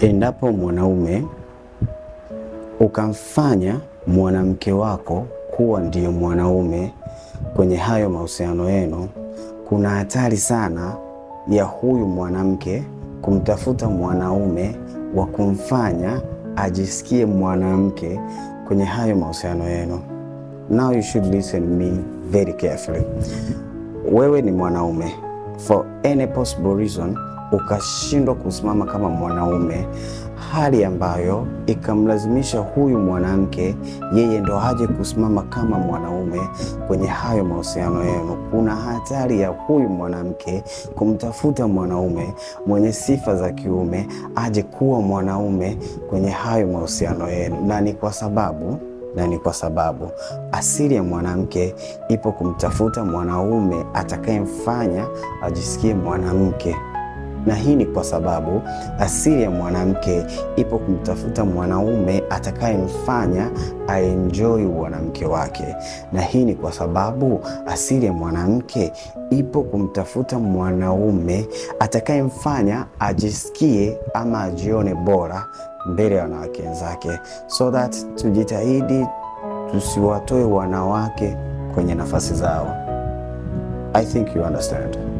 endapo mwanaume ukamfanya mwanamke wako kuwa ndiyo mwanaume kwenye hayo mahusiano yenu, kuna hatari sana ya huyu mwanamke kumtafuta mwanaume wa kumfanya ajisikie mwanamke kwenye hayo mahusiano yenu. Now you should listen me very carefully. Wewe ni mwanaume, for any possible reason ukashindwa kusimama kama mwanaume, hali ambayo ikamlazimisha huyu mwanamke yeye ndo aje kusimama kama mwanaume kwenye hayo mahusiano yenu. Kuna hatari ya huyu mwanamke kumtafuta mwanaume mwenye sifa za kiume aje kuwa mwanaume kwenye hayo mahusiano yenu, na ni kwa sababu na ni kwa sababu asili ya mwanamke ipo kumtafuta mwanaume atakayemfanya ajisikie mwanamke na hii ni kwa sababu asili ya mwanamke ipo kumtafuta mwanaume atakayemfanya aenjoy mwanamke wake, na hii ni kwa sababu asili ya mwanamke ipo kumtafuta mwanaume atakayemfanya ajisikie ama ajione bora mbele ya wanawake wenzake, so that tujitahidi tusiwatoe wanawake kwenye nafasi zao. I think you understand.